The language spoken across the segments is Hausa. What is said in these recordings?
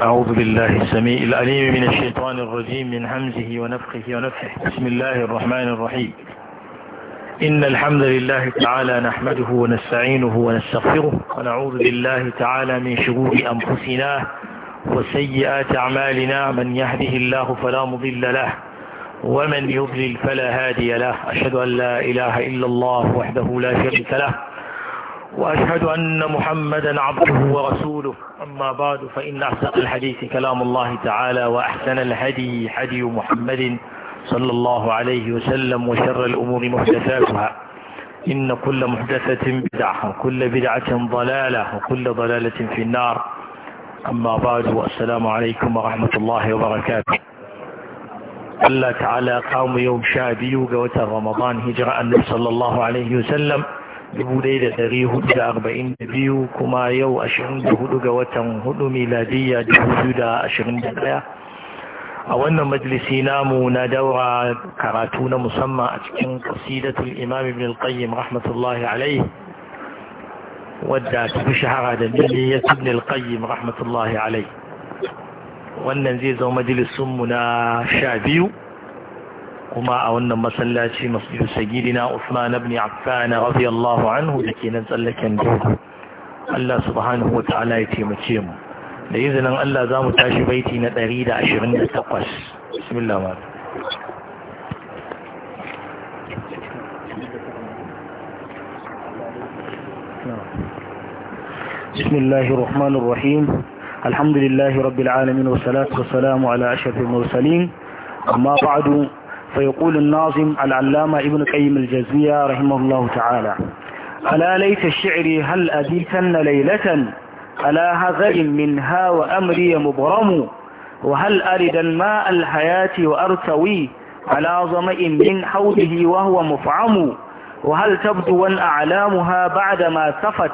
أعوذ بالله السميع العليم من الشيطان الرجيم من همزه ونفخه ونفحه بسم الله الرحمن الرحيم إن الحمد لله تعالى نحمده ونستعينه ونستغفره ونعوذ بالله تعالى من شرور أنفسنا وسيئات أعمالنا من يهده الله فلا مضل له ومن يضلل فلا هادي له أشهد أن لا إله إلا الله وحده لا شريك له وأشهد أن محمدا عبده ورسوله أما بعد فإن أحسن الحديث كلام الله تعالى وأحسن الهدي هدي محمد صلى الله عليه وسلم وشر الأمور محدثاتها إن كل محدثة بدعة وكل بدعة ضلالة وكل ضلالة في النار أما بعد والسلام عليكم ورحمة الله وبركاته الله تعالى قام يوم شادي وقوة رمضان هجرة النبي صلى الله عليه وسلم biyu kuma yau hudu ga watan hudu miladiyya ɗaya. a wannan majalisi namu na daura karatu na musamman a cikin kasidatul imam ibn al-qayyim rahmatullahi alaihi wadda ta fi shahara da miliyyar ibn al-qayyim rahmatullahi alaihi wannan zai zama majalisunmu na sha biyu kuma a wannan masallaci masjidu sagidina Usman ibn Affan radiyallahu anhu dake nan tsallaken dogo Allah subhanahu wataala ya taimake mu da izinin Allah za mu tashi baiti na 128 bismillah ma بسم الله الرحمن الرحيم الحمد لله رب العالمين والصلاة والسلام على أشرف المرسلين أما بعد فيقول الناظم العلامة ابن قيم الجزية رحمه الله تعالى ألا ليت الشعر هل أبيتن ليلة ألا هذل منها وأمري مبرم وهل أرد الماء الحياة وأرتوي على ظمئ من حوله وهو مفعم وهل تبدو أعلامها بعدما سفت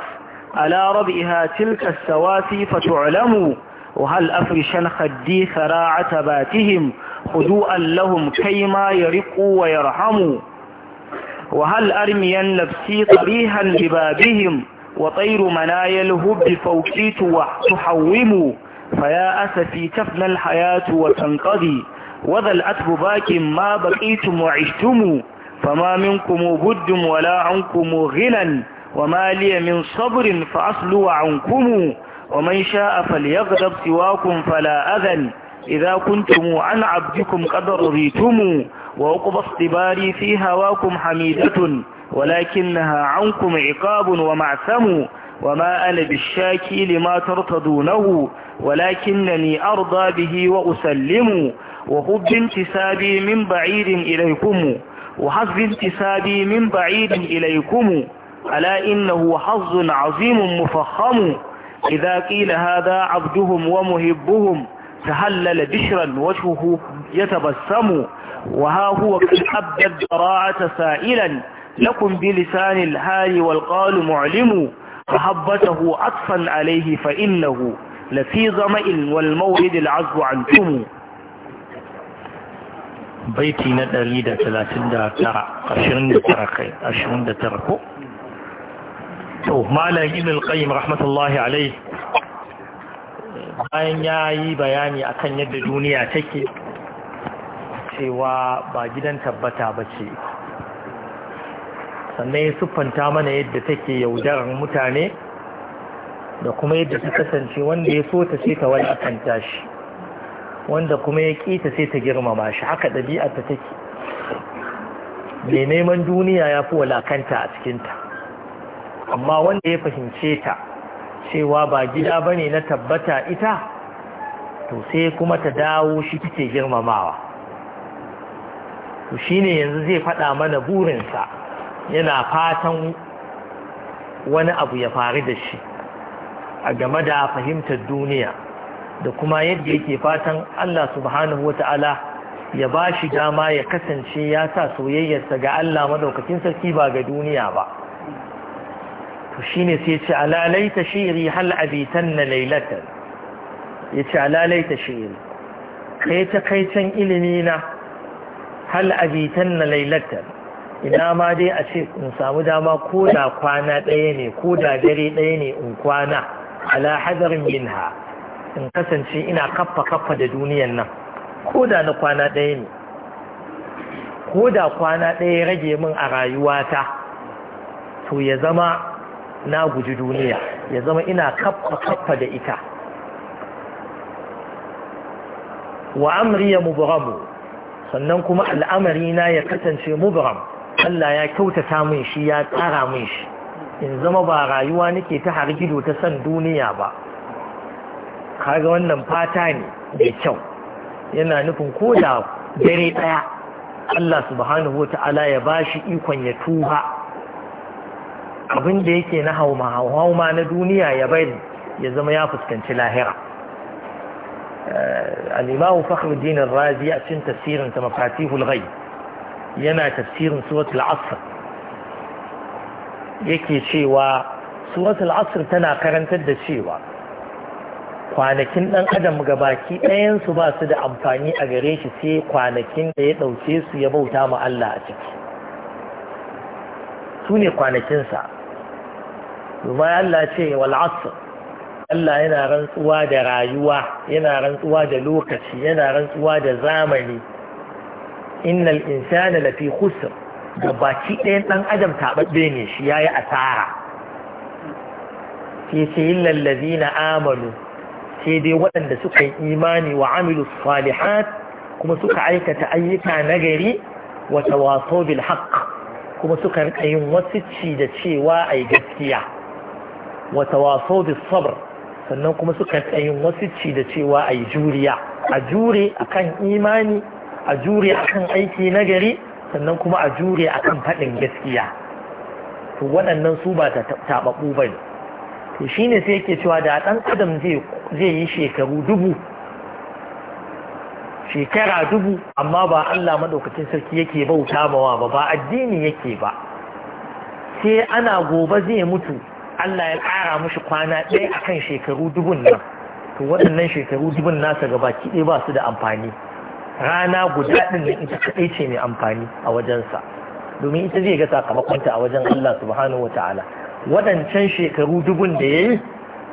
ألا ربئها تلك السواسي فتعلم وهل أفرشن خدي ثراعة باتهم هدوءا لهم كيما يرقوا ويرحموا وهل ارميا نفسي طريحا ببابهم وطير منايا الهب فوقي تحوم فيا أسفي تفنى الحياة وتنقضي وذا الأتب باك ما بقيتم وعشتم فما منكم بد ولا عنكم غنى وما لي من صبر فأصلو عنكم ومن شاء فليغضب سواكم فلا أذن إذا كنتم عن عبدكم قد رضيتم وعقب اصطباري في هواكم حميدة ولكنها عنكم عقاب ومعثم وما أنا بالشاكي لما ترتضونه ولكنني أرضى به وأسلم وحب انتسابي من بعيد إليكم وحظ انتسابي من بعيد إليكم ألا إنه حظ عظيم مفخم إذا قيل هذا عبدهم ومهبهم تهلل بشرا وجهه يتبسم وها هو قد أبدى الضراعة سائلا لكم بلسان الهال والقال معلم فهبته أطفا عليه فإنه لفي ظمئ والمورد العزو عنكم بيتي ندري دا تلاتين دا ترى عشرين دا ترقي عشرين دا ترقو ما لا يجب القيم رحمة الله عليه bayan ya yi bayani akan yadda duniya take cewa ba gidan tabbata ba ce sannan ya siffanta mana yadda take yaudarar mutane da kuma yadda ta kasance wanda ya so ta sai ta wani akanta tashi wanda kuma ya ƙi ta sai ta girmama shi haka ɗabi'ar ta take mai neman duniya ya fi walakanta a cikinta amma wanda ya fahimce ta cewa ba gida ba ne na tabbata ita to sai kuma ta dawo shi take girmamawa to shine yanzu zai faɗa mana burinsa yana fatan wani abu ya faru da shi a game da fahimtar duniya da kuma yadda yake fatan Allah subhanahu wata'ala ya ba shi dama ya kasance ya sa soyayyarsa ga Allah madaukakin sarki ba ga duniya ba to shine sai ce ala laita shi'ri na abitanna ya yace ala laita shi'ri kai ta kai can ilimi na hal na lailatan ina ma dai a ce in samu dama ko da kwana ɗaya ne ko da dare ɗaya ne in kwana ala hadarin ha, in kasance ina kaffa kaffa da duniyan nan ko da na kwana ɗaya ne ko da kwana ɗaya rage min a rayuwata to ya zama na guji duniya ya zama ina kaffa kaffa da ita wa amri ya mubaramu sannan kuma al'amari na ya kasance mubaram Allah ya kyautata min shi ya tsara min shi in zama ba rayuwa nake ta hargido ta san duniya ba kaga wannan fata ne mai kyau yana nufin ko da dare ɗaya. Allah subhanahu wa ta'ala ya bashi ikon ya tuba abin da yake na hauma hauma na duniya ya bari ya zama ya fuskanci lahira eh, al'imamu fakhruddin razi a cikin tafsirin ta mafatihul ghaib yana tafsirin suratul asr yake cewa suratul asr tana karantar da cewa kwanakin ɗan adam gabaki ɗayansu ba su da amfani a gare shi sai kwanakin da ya ɗauke su ya bauta ma Allah a ciki su ne kwanakinsa domin Allah ce wal Allah yana rantsuwa da rayuwa yana rantsuwa da lokaci yana rantsuwa da zamani innal insana lafi khusr da baki ɗayan ɗan adam taɓaɓɓe ne shi yi asara Keke ce illal na amalu sai dai waɗanda suka yi imani wa amilu salihat kuma suka aikata ayyuka nagari wa tawasaw bil haqq kuma suka rika yin ci da cewa ai gaskiya Wata waso da sabar sannan kuma suka tsayin wasu ci da cewa a yi juriya a jure akan imani a jure akan aiki nagari sannan kuma a jure akan faɗin gaskiya to waɗannan su ba taɓaɓɓu ba ne to shine sai yake cewa da ɗan adam zai yi shekaru dubu shekara dubu amma ba Allah maɗaukacin sarki yake bauta mawa ba ba addini yake ba sai ana gobe zai mutu Allah ya ƙara mushi kwana ɗaya akan shekaru dubun nan to waɗannan shekaru dubun nasa gaba kiɗe ba su da amfani rana guda ɗin nan ita kaɗai ce mai amfani a wajensa domin ita zai ga sakamakonta a wajen Allah subhanahu wa ta'ala waɗancan shekaru dubun da ya yi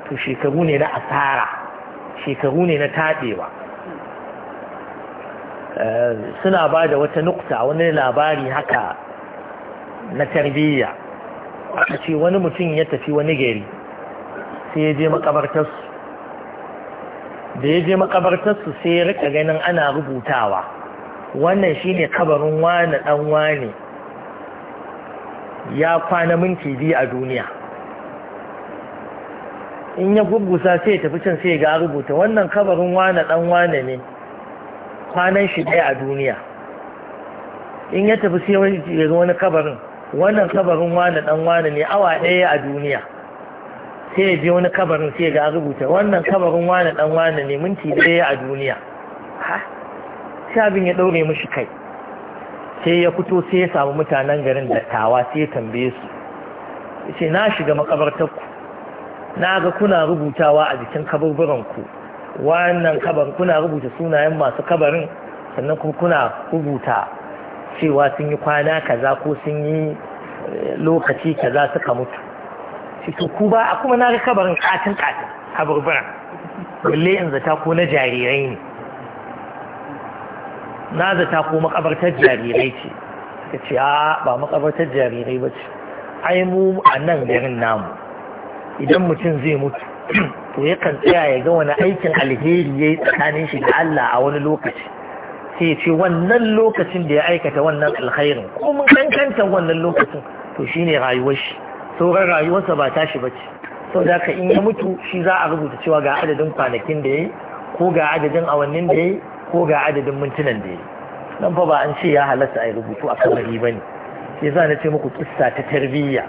to shekaru ne na asara shekaru ne na taɗewa eh, suna ba da wata nukta wani labari haka na tarbiyya aka ce wani mutum ya tafi wani gari sai ya je makabartarsu da ya je makabartarsu sai ya rika ganin ana rubutawa wannan shi ne kabarin wani dan wane ya kwana minti biyu a duniya in ya gurgusa sai ya tafi can sai ga rubuta wannan kabarin wani dan wane ne kwanan shi ɗaya a duniya in ya tafi sai ya ga wani kabarin wannan kabarin wani dan wani ne awa ɗaya a duniya sai ya je wani kabarin sai ga rubuta wannan kabarin wani dan wani ne minti ɗaya a duniya ha sai abin ya ɗaure mishi kai sai ya fito sai ya samu mutanen garin dattawa sai ya tambaye su sai na shiga makabartarku na ga kuna rubutawa a jikin ku wannan kabarin kuna rubuta sunayen masu kabarin sannan kuma kuna rubuta cewa sun yi kwana kaza ko sun yi eh, lokaci kaza suka mutu cikin ku ba a kuma na ga kabarin katin katin burbura wille in zata ko na jarirai ne na zata ko makabartar jarirai ce ta ce a ba makabartar jarirai ba ce ai mu a nan garin namu idan mutum zai mutu to yakan tsaya ya ga wani aikin alheri ya yi tsakanin shi da Allah a wani lokaci sai ya ce wannan lokacin da ya aikata wannan alkhairin ko mun kankanta wannan lokacin to shine rayuwar shi sauran rayuwarsa ba tashi bace sau da ka in ya mutu shi za a rubuta cewa ga adadin kwanakin da ya yi ko ga adadin awannin da ya yi ko ga adadin mintunan da ya yi nan fa ba an ce ya halatta a yi rubutu a kamari ba ne sai za na ce muku kissa ta tarbiyya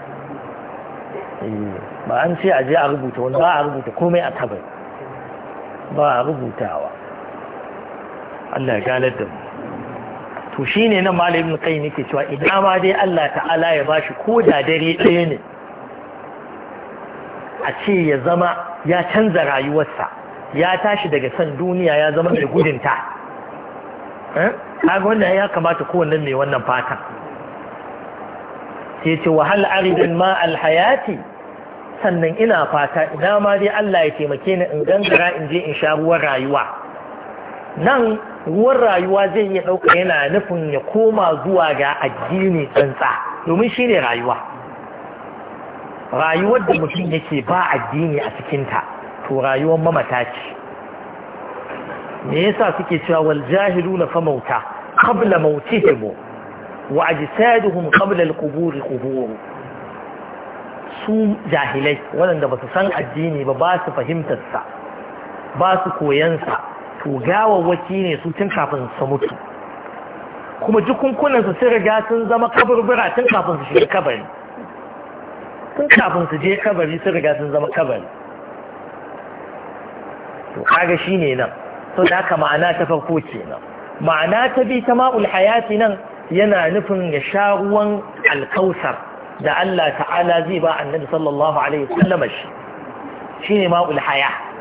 eh, ba an ce a je a rubuta wani ba a rubuta komai a kabari ba a rubutawa Allah ya ganar da mu to ne nan malam kai kai yake cewa idan ma dai Allah ta'ala ya bashi ko da dare ɗaya ne a ce ya zama ya canza rayuwarsa ya tashi daga san duniya ya zama mai gudunta eh? kaga wannan ya kamata kowanne mai wannan fatan sai ce wahal aridin ma alhayati sannan ina fata ina ma dai Allah ya taimake ni in gangara in je in sha ruwan rayuwa nan ruwan rayuwa zai iya ɗauka yana nufin ya koma zuwa ga addini tsantsa domin shi ne rayuwa rayuwar da mutum yake ba addini a cikinta to rayuwar mamata ce me yasa suke cewa wal jahiluna fa mauta qabla mautihim wa ajsaduhum qabla al-qubur qubur su jahilai waɗanda ba su san addini ba ba su fahimtar sa ba su koyan to gawawaki ne su tun kafin su mutu kuma jikunkunan su sun riga sun zama kaburbura tun kafin su shiga kabari tun kafin su je kabari sun riga sun zama kabari to kaga shine nan to da haka ma'ana ta farko kenan ma'ana ta bi ta ma'ul hayati nan yana nufin ya sha ruwan alkausar da Allah ta'ala zai ba annabi sallallahu alaihi wasallam shi shine ma'ul haya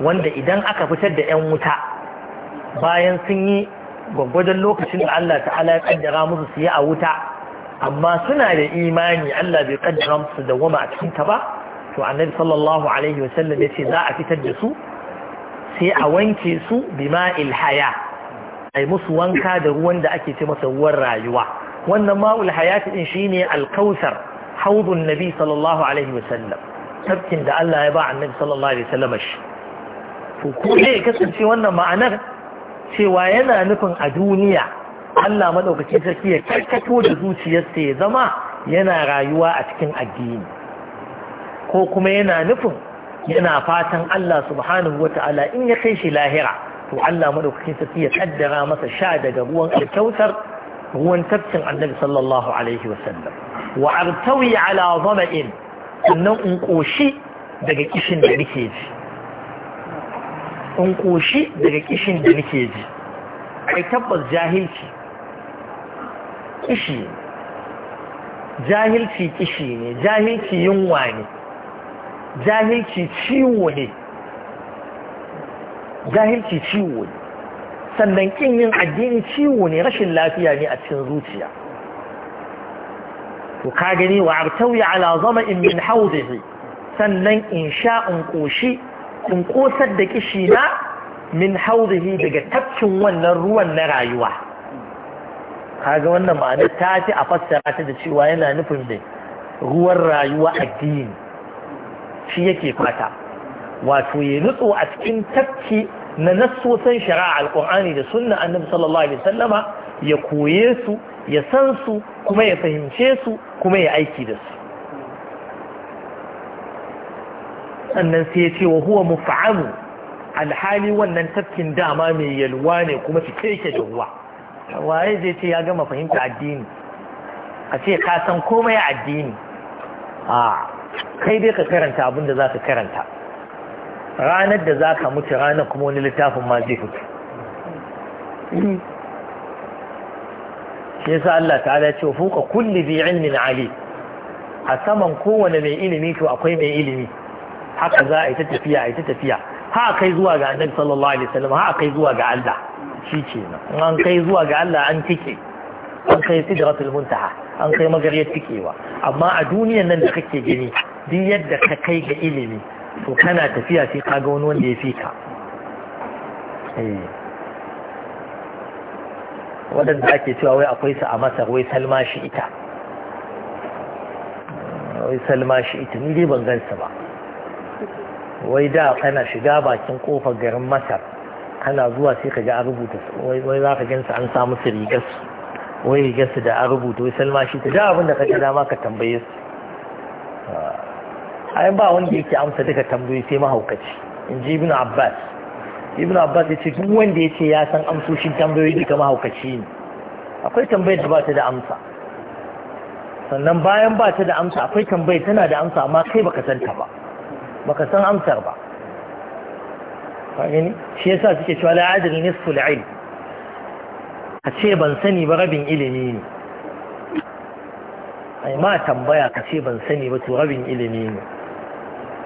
wanda idan aka fitar da 'yan wuta bayan sun yi gwaggwadon lokacin da Allah ta'ala ya kaddara musu su yi a wuta amma suna da imani Allah bai kaddara musu da goma a cikinta ba to annabi sallallahu alaihi wasallam ya ce za a fitar da su sai a wanke su bima ilhaya ai musu wanka da ruwan da ake ce masa ruwan rayuwa wannan ma'ul ilhaya din shine alkausar haudun nabi sallallahu alaihi wasallam tabkin da Allah ya ba annabi sallallahu alaihi wasallam shi to ko ya kasance wannan ma'anar cewa yana nufin a duniya Allah maɗaukacin sarki ya karkato da zuciyarsa ya zama yana rayuwa a cikin addini ko kuma yana nufin yana fatan Allah subhanahu wa ta'ala in ya kai shi lahira to Allah maɗaukacin sarki ya kaddara masa sha daga ruwan alkyautar ruwan tafkin annabi sallallahu alaihi wa sallam. wa artawi ala zama'in sannan in ƙoshi daga kishin da nake ji in koshi daga kishin da nake ji kai tabbas jahilci kishi jahilci kishi ne jahilci yunwa ne jahilci ciwo ne jahilci ciwo ne sannan kin yin addini ciwo ne rashin lafiya ne a cikin zuciya to ka gani wa abtawi ala zama'in in min haudihi sannan in koshi in da ƙishina na min haurihi daga tafkin wannan ruwan na rayuwa kaga wannan ma'anar ta fi a fassara ta da cewa yana nufin da ruwan rayuwa addini shi yake fata wato ya nutso a cikin tafki na nassosan shari'a alƙur'ani da sunna annabi sallallahu alaihi wasallama ya koye su ya san su kuma ya fahimce su kuma ya aiki da su sannan sai ya ce wa huwa muf'amu alhali wannan tafkin dama mai yalwa ne kuma cike yake da ruwa waye zai ce ya gama fahimta addini a ce ka san komai addini a kai dai ka karanta abin da za ka karanta ranar da za ka mutu ranar kuma wani littafin ma zai fito shi yasa Allah ta'ala ce fuka kulli bi ilmin ali a saman kowane mai ilimi to akwai mai ilimi haka za a yi ta tafiya a yi ta tafiya ha kai zuwa ga annabi sallallahu alaihi wasallam ha kai zuwa ga Allah shi ce nan an kai zuwa ga Allah an tike an kai sidratul muntaha an kai magariyar tikewa amma a duniyar nan da kake gani duk yadda ka kai ga ilimi to kana tafiya sai ka ga wani wanda ya fi ka eh. waɗanda ake cewa wai akwai su a masar wai salma shi ita wai salma shi ita ni dai ban gansa ba wai da kana shiga bakin kofar garin masar kana zuwa sai ka ga an rubuta wai za ka gansu an samu su rigar su wai rigar su da an rubuta wai salma shi ta da abinda da ka ga dama ka tambaye su ah, ai ba wanda yake amsa duka tambayoyi sai mahaukaci in ji ibn abbas ibn abbas ya ce duk wanda ya ce ya san amsoshin tambayoyi duka mahaukaci ne akwai tambayar da ba ta da amsa sannan bayan ba ta da amsa akwai tambayar tana da amsa amma kai baka san ta ba baka san amsar ba shi yasa suke cewa la adri nisfu al a ce ban sani ba rabin ilimi ne ai ma tambaya ka ce ban sani ba to rabin ilimi ne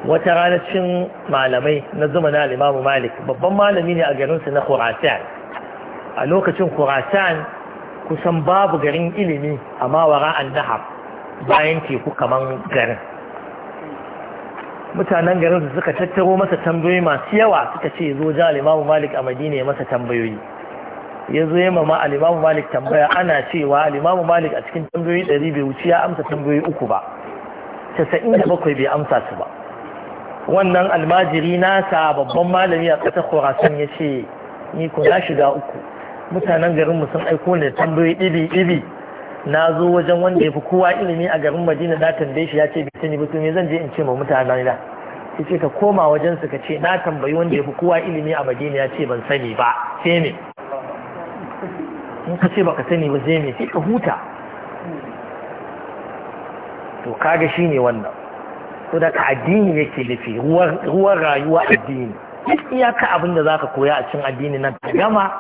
wata rana cin malamai na zuma na al Malik babban malami ne a garin su na Khurasan a lokacin Khurasan kusan babu garin ilimi a mawara an bayan teku kaman garin mutanen garin su suka tattaro masa tambayoyi masu yawa suka ce zo ja alimamu malik a madina ya masa tambayoyi ya zo yamma ma alimamu malik tambaya ana cewa alimamu malik a cikin tambayoyi ɗari bai wuce ya amsa tambayoyi uku ba casa'in da bakwai bai amsa su ba wannan almajiri nasa babban malami a ƙasar khorasan ya ce ni ko na shiga uku mutanen garinmu sun aiko ni da tambayoyi ɗibi ɗibi na zo wajen wanda ya fi kowa ilimi a garin madina na tambaye shi ya ce bai sani ba to me zan je in ce ma mutane da ya ce ka koma wajen su ka ce na tambayi wanda ya fi kowa ilimi a madina ya ce ban sani ba sai me in ka ce baka sani ba sai me sai ka huta to kaga ne wannan to da ka addini yake nufi ruwan rayuwa addini duk ka abin da zaka koya a cikin addini nan ka gama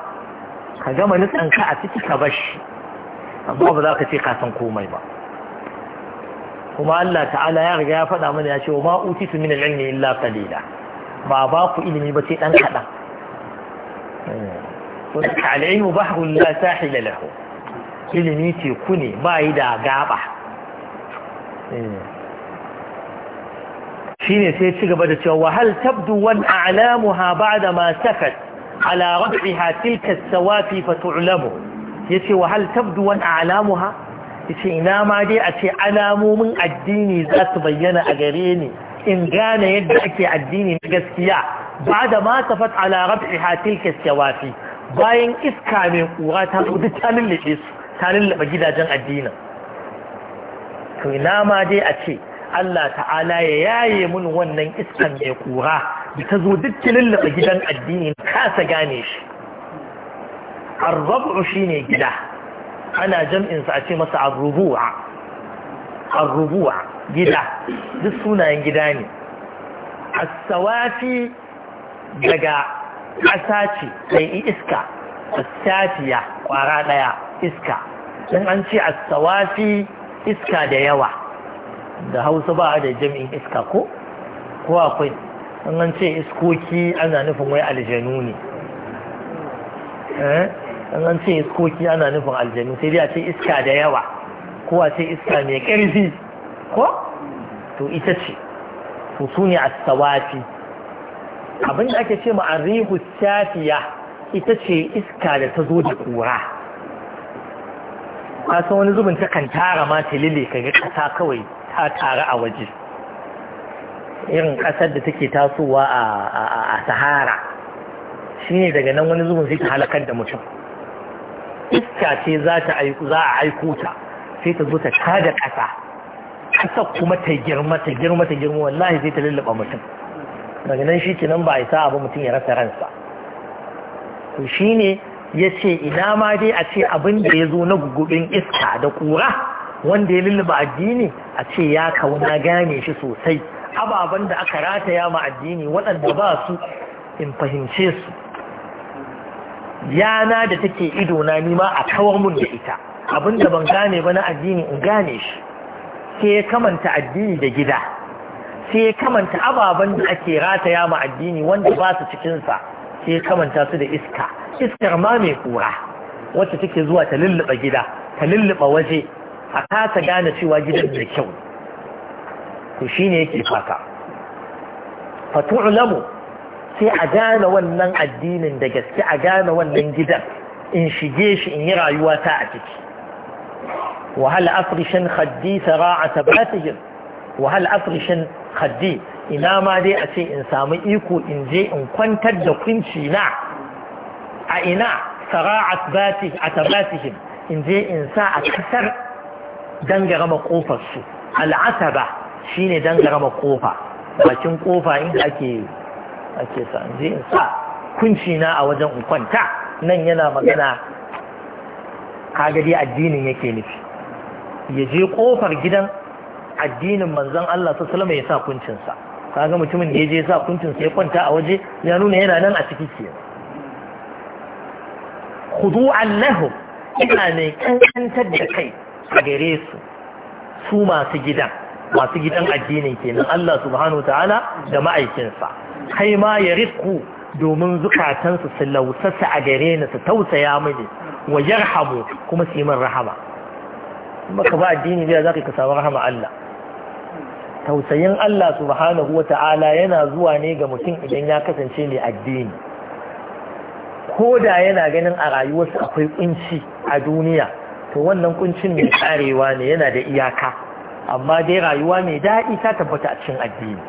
ka gama nutsanka a ciki ka bashi amma ba za ka ce ka komai ba kuma Allah ta'ala ya riga ya faɗa mana ya ce wa ma utitu min al-ilmi illa qalila ba ba ku ilimi ba sai dan kadan to hmm. da al-ilmu bahrun la sahila lahu ilimi teku ne ba yi da gaba hmm. shine sai ci gaba da cewa wahal tabdu wan a'lamuha ba'da ma safat ala rab'iha tilka as-sawafi fa tu'lamu yace wa hal tabdu wan a'lamuha ce ina ma dai a ce alamomin addini za su bayyana a gare ni in gane yadda ake addini na gaskiya ba da ma tafat ala ha tilka shawafi bayan iska mai kura ta zo duk su tanin gidajen addinin to ina ma dai a ce Allah ta'ala ya yaye mun wannan iska mai kura da ta zo duk ta lullube gidan addini kasa gane shi Arrabu shi ne gida ana jam'insa a ce masa arrubuwa arrubuwa gida duk sunayen gida ne asawati daga ƙasa ce mai iska asatiya ƙwara ɗaya iska don an ce asawati iska da yawa da hausa ba da jam'in iska ko kowa kwai an ce iskoki ana nufin wai aljanu ne an an ce iskoki ana nufin aljanu sai dai a ce iska da yawa ko a ce iska mai ƙarfi ko to ita ce to su ne astawafi abin da ake ce ma'arihu safiya ita ce iska da ta zo da kura a san wani zubin ta kan tara ma ta ka ga ƙasa kawai ta tara a waje irin ƙasar da take tasowa a sahara shine daga nan wani zubin zai halakar da mutum iska ce za a aiko ta sai ta zo ta kada ƙasa ƙasa kuma ta girma ta girma ta girma wallahi sai ta lullaba mutum daga nan shi kenan ba a isa ba mutum ya rasa ransa to shi ne ya ce ina ma dai a ce abin da ya zo na gugubin iska da ƙura wanda ya lullaba addini a ce ya kauna gane shi sosai ababen da aka rataya ma addini waɗanda ba su in fahimce su yana da take ido na nima a kawar mun da ita abinda ban gane ba na addini in gane shi sai ya kamanta addini da gida sai ya kamanta ababen da ake rataya ma addini wanda ba su cikinsa sai ya kamanta su da iska iskar ma mai kura wacce take zuwa ta lulluɓa gida ta lulluɓa waje a kasa gane cewa gidan da kyau to shine yake fata fatu'lamu sai a gane wannan addinin da gaske a gane wannan gidan in shige shi in yi rayuwa ta a ciki wahal afrishin khaddi sara'a tabatihim wahal afrishin khaddi ina ma dai a ce in samu iko in je in kwantar da kunci na a ina sara'at a tabatihim in je in sa a kasar dangarama kofar su shi shine dangarama ƙofa, bakin kofa inda ake ake sa je in sa kunci na a wajen in kwanta nan yana magana kagari addinin yake nufi ya je kofar gidan addinin manzon Allah sallallahu alaihi wasallam ya sa kuncinsa kaga mutumin da ya je sa sa ya kwanta a waje ya nuna yana nan a ciki ke khudu'an lahu ina ne kankantar da kai a gare su su masu gidan masu gidan addinin kenan Allah subhanahu ta'ala da ma'aikinsa kai ma ya riku domin zukatansu su lausasa a gare ni su tausaya mini wa yarhamu kuma su yi min rahama maka ba addini ne za ka samu rahama Allah tausayin Allah subhanahu wa ta'ala yana zuwa ne ga mutum idan ya kasance mai addini ko da yana ganin a rayuwarsa akwai kunci a duniya to wannan kuncin mai karewa ne yana da iyaka amma dai rayuwa mai daɗi ta tabbata a cikin addini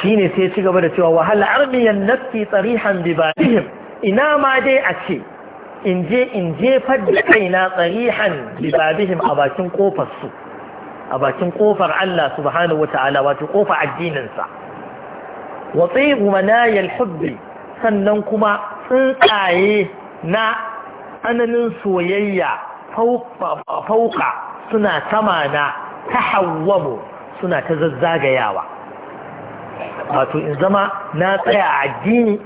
shi ne sai ci gaba da cewa wahala armiyan nafi tsarihan bibalihim ina ma dai a ce in je in jefar da kaina tsarihan bibalihim a bakin kofarsu a bakin kofar Allah subhanahu wata'ala wato kofar addininsa wa tsibu manayal hubbi sannan kuma tsuntsaye na tsananin soyayya fauka suna sama na tahawwamu suna ta zazzagayawa wato in zama na tsaya a addini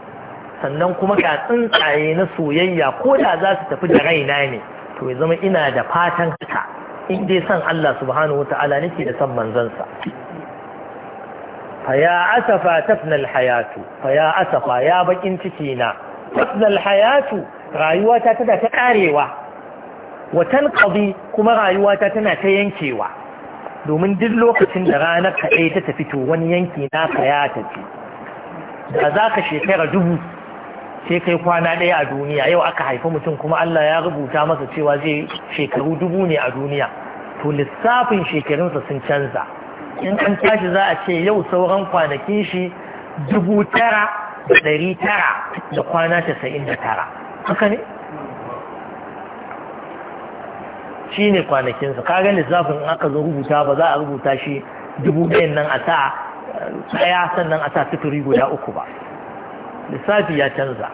sannan kuma ga tsuntsaye na soyayya ko da za su tafi da raina ne to ya zama ina da fatan haka in dai san Allah subhanahu wa ta'ala nake da san manzansa faya asafa tafnal hayatu faya asafa ya bakin ciki na tafnal hayatu rayuwata tana tada ta karewa watan ƙabi kuma rayuwata tana ta yankewa domin duk lokacin da ranar kaɗai ta tafi to wani yanki naka ya tafi da za ka shekara dubu sai kai kwana ɗaya a duniya yau aka haifi mutum kuma Allah ya rubuta masa cewa zai shekaru dubu ne a duniya to lissafin shekarunsa sun canza in an tashi za a ce yau sauran kwanakin shi dubu tara da ɗari tara da kwana casa'in da tara haka ne shi ne kwanakinsa kaga lissafin in aka zo rubuta ba za a rubuta shi dubu ɗayan nan a sa ɗaya sannan a sa sifiri guda uku ba lissafi ya canza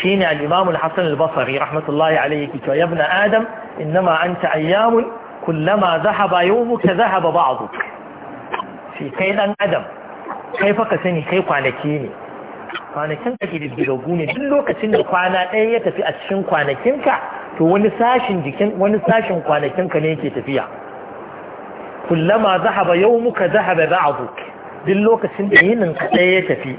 shi ne al'imamul hassan al-basari rahmatullahi alaihi ki cewa yabna adam innama anta ayyamun kullama zahaba yawmuka zahaba ba'duk shi kai ɗan adam kai fa ka sani kai kwanaki ne kwanakin ka ke diddigaggu ne duk lokacin da kwana ɗaya ya tafi a cikin kwanakinka to wani sashin jikin wani sashin ka ne yake tafiya kullama zahaba yawmuka zahaba ba'duk duk lokacin da yinin ka ɗaya ya tafi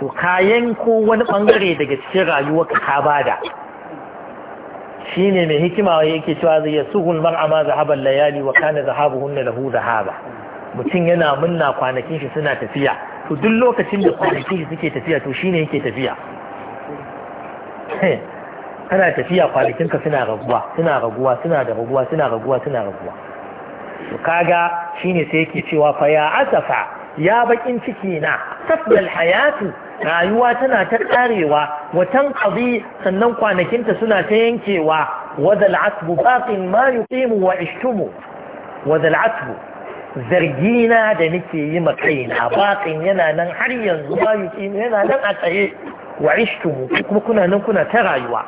to kayan ko wani bangare daga cikin rayuwa ka bada shine mai hikima yake cewa zai yasuhul mar'a ma zahaba layali wa kana zahabuhunna lahu zahaba mutum yana munna kwanakin shi suna tafiya to duk lokacin da kwanakin shi suke tafiya to shine yake tafiya kana tafiya kwanakinka suna raguwa suna raguwa suna da raguwa suna raguwa suna raguwa kaga shine sai yake cewa fa ya asafa ya bakin ciki na tasdal hayatu rayuwa tana ta karewa watan qadi sannan kwanakinta suna ta yankewa wadal asbu baqin ma yuqimu wa ishtumu wadal asbu zargina da nake yi ma kaina baqin yana nan har yanzu ma yuqimu yana nan a tsaye wa ishtumu kuma kuna nan kuna ta rayuwa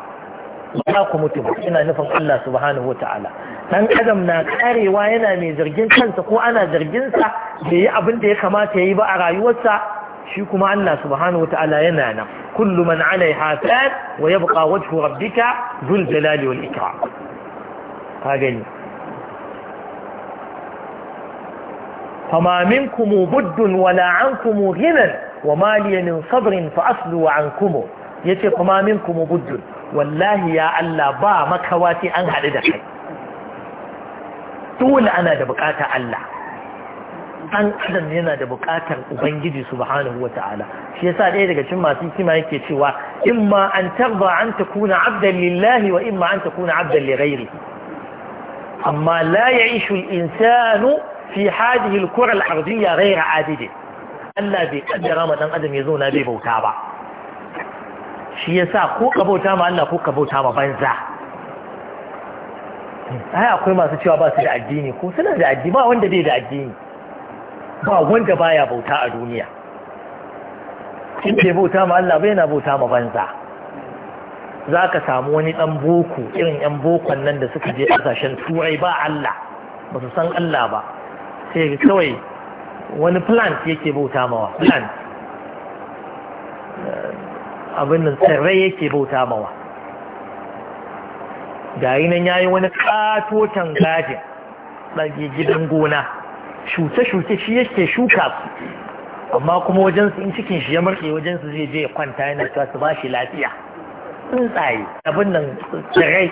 ba za ku mutu ina nufin Allah subhanahu wa ta'ala dan adam na karewa yana mai zargin kansa ko ana zargin sa da yi abin da ya kamata yayi ba a rayuwarsa shi kuma Allah subhanahu wa ta'ala yana nan kullu man alaiha fan wa yabqa wajhu rabbika dhul jalali wal ikram ka gani فما منكم بد ولا عنكم غنى وما لي من صبر فأصلوا عنكم يتي فما منكم buddun. wallahi ya Allah ba makawa sai an haɗu da kai dole ana da buƙatar Allah an adam yana da buƙatar ubangiji subhanahu wata'ala shi yasa ɗaya daga cikin masu kima yake cewa imma an tarda an takuna abdan lillahi wa imma an takuna abdan li ghairi amma la ya'ishu al-insanu fi hadhihi al-kura al-ardiyya ghayra abidin Allah bai kaddara ma dan adam ya zauna bai bauta ba shi yasa ko ka bauta ma Allah ko ka bauta ma banza ai akwai masu cewa ba su da addini ko suna da addini ba wanda bai da addini ba wanda baya bauta a duniya in bai bauta ma Allah ba yana bauta ma banza za ka samu wani ɗan boko irin ɗan bokon nan da suka je ƙasashen turai ba Allah ba su san Allah ba sai kawai wani plant yake bauta mawa plant abin nan tsirrai yake bauta mawa yi nan ya yi wani katotan gajin ɗage gidan gona shuce-shuce shi yake shuka amma kuma wajensu in cikin shi ya marke wajensu zai je kwanta yana ta su ba shi lafiya tsuntsaye abin nan tsirrai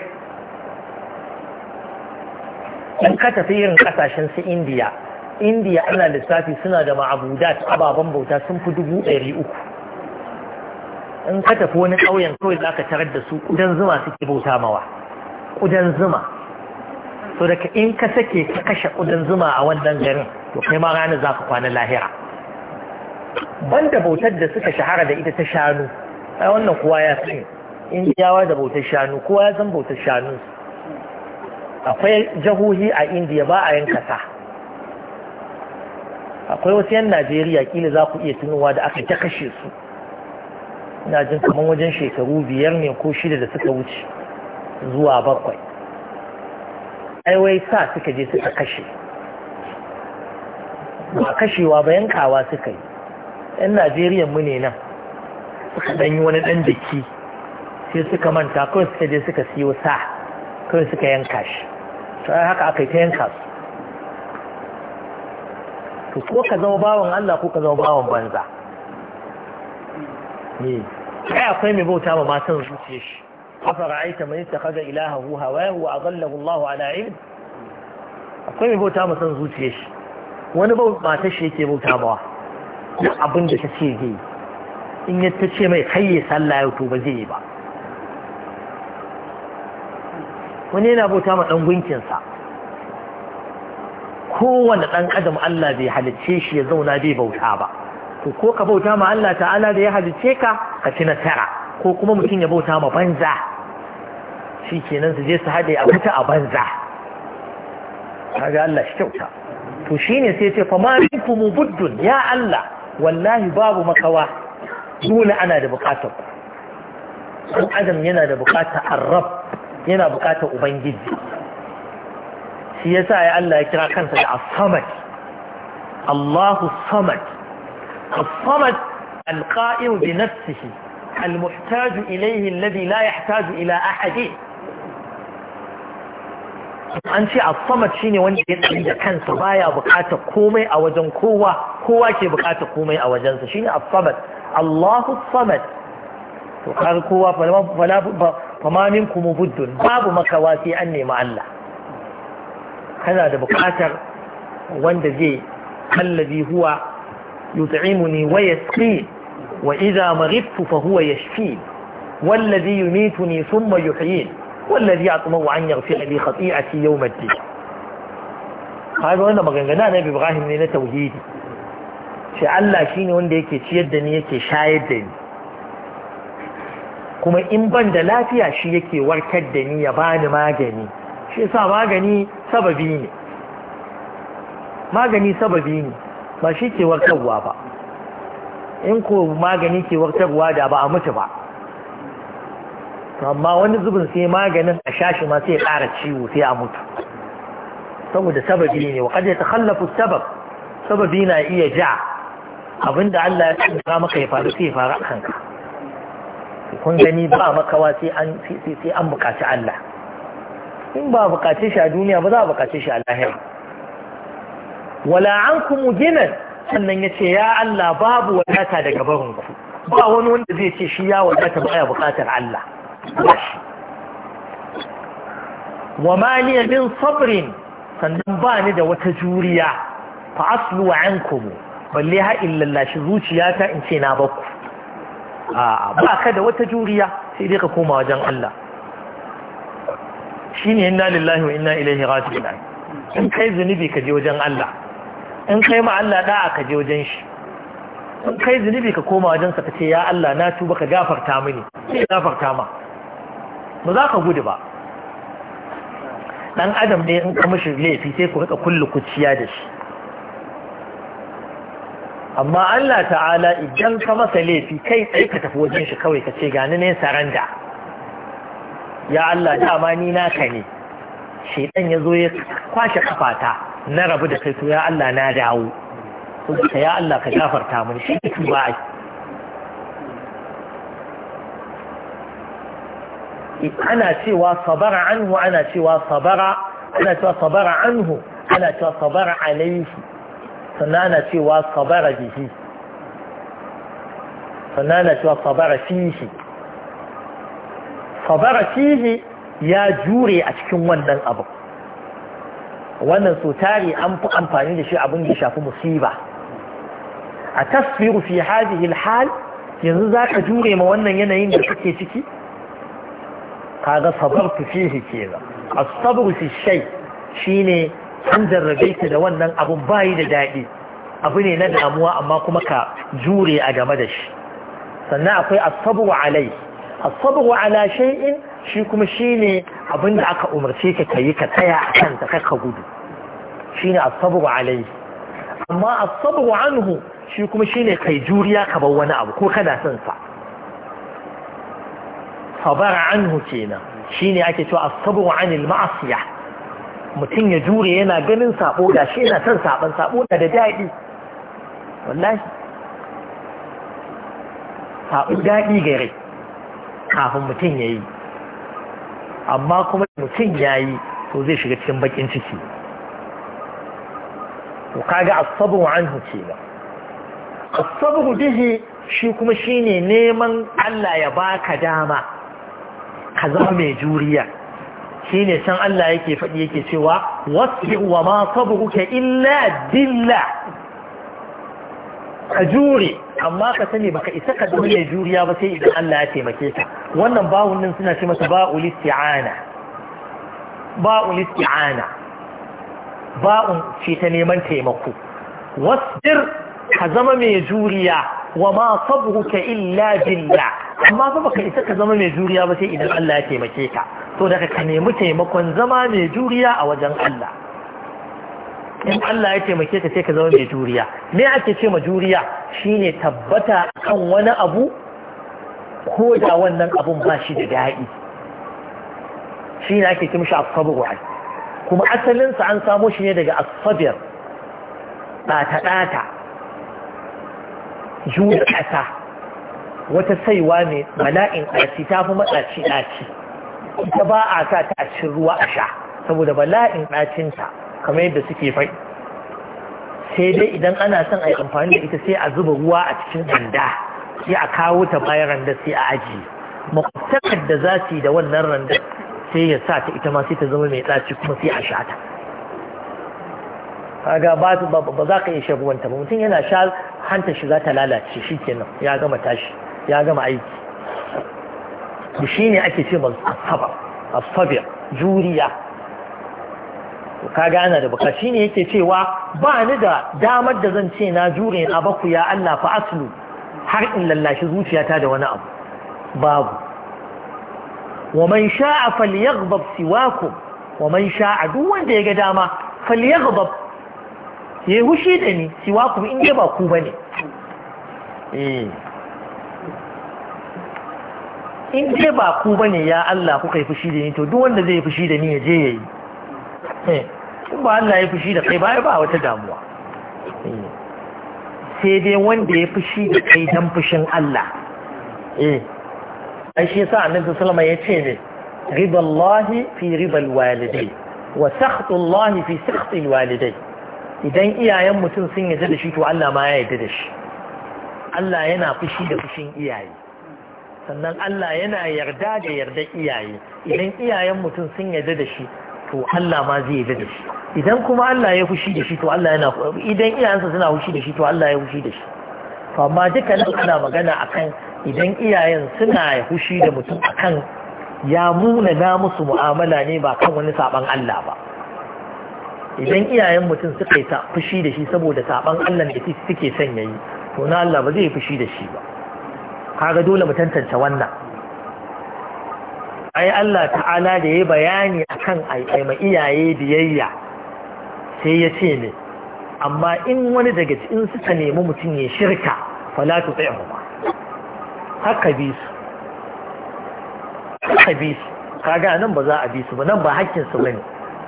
in ka tafi irin ƙasashen su indiya indiya ana lissafi suna da ma'abudat ababen bauta sun fi dubu ɗari uku in ka tafi wani ƙauyen kawai za ka tarar da su ƙudan zuma suke bauta mawa ƙudan zuma so daga in ka sake ka kashe ƙudan zuma a wannan garin to kai ma ranar za ka kwana lahira banda bautar da suka shahara da ita ta shanu a wannan kowa ya sani in jawa da bautar shanu kowa ya san bautar shanu akwai jahohi a indiya ba a yanka sa akwai wasu yan najeriya kila za ku iya tunowa da aka ta kashe su ina jin kamar wajen shekaru biyar ne ko shida da suka wuce zuwa bakwai aiwai sa suka je suka kashe ba kashewa ba yankawa suka yi yan najeriya mu ne nan suka ɗan yi wani ɗan jiki sai suka manta kawai suka je suka siyo sa kawai suka yanka shi to haka aka yi ta yanka su to ko ka zama bawan Allah ko ka zama bawan banza ne ai akwai mai bauta ma matan zuciya shi afara aita mai ta kaga ilahahu hawayahu wa azallahu Allah ala ilm akwai mai bauta ma san zuciya shi wani mata shi yake bauta ba duk abin da ta ce zai in ya ta ce mai kai sallah yau to ba zai yi ba wani yana bauta ma dan gunkinsa kowane ɗan adam Allah bai halicce shi ya zauna bai bauta ba ko ka bauta ma Allah ta'ala da ya halice ka ka ci nasara ko kuma mutum ya bauta ma banza shi kenan su je su haɗe a wuta a banza kaga Allah shi kyauta to ne sai ce fa ma buddun ya Allah wallahi babu makawa dole ana da bukatar ku adam yana da bukatar arab yana bukatar ubangiji shi yasa ya Allah ya kira kansa da as-samad Allahu samad الصمد القائم بنفسه المحتاج إليه الذي لا يحتاج إلى أحد an ce a samad shine wanda ya tsaye da kansa baya bukata komai a wajen kowa kowa ke bukata komai a wajensa Shin as-samad Allahu samad to kar kowa fama minkum buddun babu makawa sai an nemi Allah kana da bukatar wanda zai allazi يطعمني ويسقين وإذا مغبت فهو يشفين والذي يميتني ثم يحيين والذي أطمع أن يغفر لي خطيئتي يوم الدين هذا وانا مغنغنا نبي إبراهيم لنا Tauhidi. sai Allah shi ne wanda yake ciyar da ni yake shayar da ni kuma in ban da lafiya shi yake warkar da ni ya bani magani shi sa magani sababi ne ba shi ke warkarwa ba in ko magani ke warkarwa da ba a mutu ba amma wani zubin sai maganin a shashi ma sai ƙara ciwo sai a mutu saboda sababi ne wa kada ya khallafu sabab sababi na iya ja abinda Allah ya tsara maka ya faru sai ya faru a kanka kun gani ba makawa sai an sai an bukaci Allah in ba bukace shi a duniya ba za a bukace shi a lahira wala an ankum ginan sannan ya ce ya Allah babu wadata daga barinku ba wani wanda zai ce shi ya wadata baya bukatar Allah wa ma liya min sabrin sannan ba ni da wata juriya fa aslu ankum balle ha illallashi zuciyata in ce na bakku a ba ka da wata juriya sai dai ka koma wajen Allah shine inna lillahi wa inna ilaihi raji'un in kai zunubi ka je wajen Allah in kai ma Allah da aka je wajen shi in kai zunubi ka koma wajen sa ka ce ya Allah na tuba ka gafarta mini sai gafarta ma ba za ka gudu ba dan adam ne in ka mishi laifi sai ku rika kullu kuciya da shi amma Allah ta'ala idan ka masa laifi kai tsaye ka tafi wajen shi kawai kace ce gani ne saranda ya Allah dama ni naka ne shedan ya zo ya kwashe kafata na rabu da kai to ya Allah na dawo ka ya Allah ka gafarta mun shi ne ba ai ana cewa sabara anhu ana cewa sabara ana cewa sabara anhu ana cewa sabara alaihi sannan ana cewa sabara bihi sannan ana cewa sabara fihi sabara fihi ya jure a cikin wannan abu wannan so tare an fi amfani da shi abin da ya shafi musiba a tasfiru fi hadhihi alhal yanzu zaka jure ma wannan yanayin da kake ciki kaga sabartu fihi kenan as-sabru fi shi shine an jarrabe ki da wannan abun bayi da daɗi abu ne na damuwa amma kuma ka jure a game da shi sannan akwai as-sabru alai as-sabru ala shai'in shi kuma shi ne abinda aka umarce ka ka yi ka tsaya a kanta ka ka gudu shi ne asabu alai amma asabu anhu shi kuma shi ne kai juriya ka bar wani abu ko kana son sa sabar anhu kenan shi ne ake cewa asabu anil ma'asiya mutum ya jure yana ganin sabo da shi yana son sabon sabo da daɗi wallahi sabo daɗi gare kafin mutum ya yi amma kuma mutum ya yi to zai shiga cikin bakin ciki to kaga asabu anhu ba? asabu dihi shi kuma shine neman Allah ya baka dama ka zama mai juriya shine can Allah yake faɗi yake cewa wasu wa ma sabruka illa dilla ka jure amma ka sani baka isa ka zama mai juriya ba sai idan Allah ya taimake ka wannan bawun nan suna ce masa ba'ul isti'ana ba'ul isti'ana ba'un ce ta neman taimako wasdir ka zama mai juriya wa ma sabruka illa billah amma fa baka isa ka zama mai juriya ba sai idan Allah ya taimake ka to daga ka nemi taimakon zama mai juriya a wajen Allah in Allah ya taimake ka sai ka zama mai juriya me ake ce ma juriya shine tabbata kan wani abu ko da wannan abun ba shi da daɗi shi ne ake kimshi asabiru ai kuma asalinsa an samo shi ne daga asabir ɗata-ɗata juya ƙasa wata saiwa ne bala'in ɗaci ta fi matsaci ɗaci ita ba a sa ta a ruwa a sha saboda bala'in ɗacinta kamar yadda suke fai sai dai idan ana son a yi amfani da ita sai a zuba ruwa a cikin danda sai a kawo ta bayan randa sai a aji makwabtakar da za su yi da wannan randa sai ya sa ta ita ma sai ta zama mai tsaci kuma sai a sha ta kaga ba za ka iya shan ta ba mutum yana sha hanta shi za ta lalace shi kenan ya gama tashi ya gama aiki da shi ne ake ce masu asabar juriya kaga ana da buka shi ne yake cewa ba ni da damar da zan ce na jure na baku ya Allah fa aslu har in lallashi zuciyata da wani abu babu wa man sha'a falyaghbab siwakum wa man sha'a duk wanda ya ga dama falyaghbab yayi hushi da ni siwakum in dai ba ku bane eh in dai ba ku bane ya Allah kuka yi fushi da ni to duk wanda zai yi fushi da ni ya je yayi eh. in ba Allah ya fushi da kai ba ba wata damuwa eh. sai dai wanda ya fushi da kai dan fushin Allah eh ai shi yasa annabi sallama ya ce ne riballahi fi ribal walidai wa sakhtullahi fi sakhtil walidai idan iyayen mutum sun yarda da shi to Allah ma ya yarda da shi Allah yana fushi da fushin iyaye sannan Allah yana yarda da yarda iyaye idan iyayen mutum sun yarda da shi to Allah ma zai yi da shi idan kuma Allah ya fushi da shi to Allah yana idan iyayensa suna fushi da shi to Allah ya fushi da shi to amma dukkanin ana magana akan idan iyayen suna ya fushi da mutum akan ya muna na musu mu'amala ne ba kan wani saban Allah ba idan iyayen mutum suka yi fushi da shi saboda saban Allah da suke son yayi to na Allah ba zai fushi da shi ba kaga dole mu tantance wannan ai Allah ta'ala da ya bayani a kan aima iyaye biyayya sai ya ce ne amma in wani daga cikin suka nemi mutum ya shirka Falatu tsaye haka bi su haka bi su kaga nan ba za a bi su ba nan ba hakkin su ne.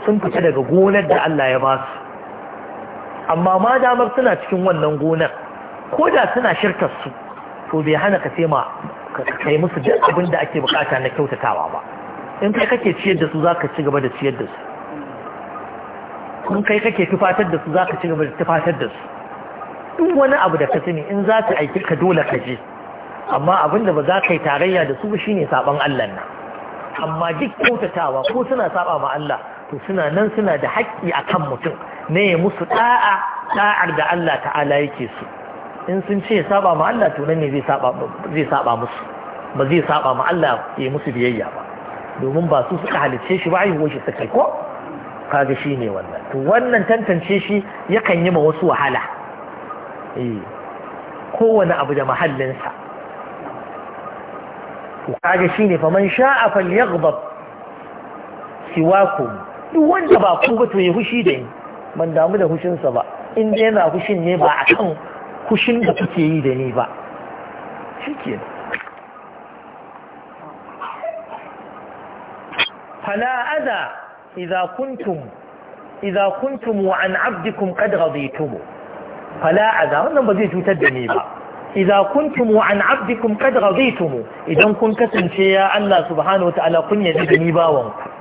sun fita daga gonar da Allah ya ba su amma ma damar suna cikin wannan gonar ko da suna shirkar su to bai hana ka sai ma kai musu duk abin da ake bukata na kyautatawa ba in kai kake ciyar da su za ka ci da ciyar da su in kai kake tufatar da su za ka ci gaba da tufatar da su duk wani abu da ka sani in za su aiki ka dole ka je amma abin da ba za ka yi tarayya da su ba shine saban Allah na. amma duk kyautatawa ko suna saba ma Allah to suna nan suna da haƙƙi akan mutum ne musu da'a da'ar da Allah ta'ala yake su in sun ce ya saba ma Allah to ne zai saba zai saba musu ba zai saba ma Allah ya musu biyayya ba domin ba su suka halicce shi ba haihuwar shi suka ko kaga shi ne wannan to wannan tantance shi yakan yi ma wasu wahala eh kowane abu da mahallinsa to kaga shi ne man sha'a falyaghdab siwakum duk wanda ba ku ba to ya hushi da ni ban damu da hushinsa ba in dai yana hushin ne ba akan kushin da kuke yi da ni ba shike fala adha idza kuntum idza kuntum wa an abdikum qad raditum fala adha wannan ba zai cutar da ni ba idza kuntum wa an abdikum qad raditum idan kun kasance ya Allah subhanahu wa ta'ala kun yaji da ni bawanku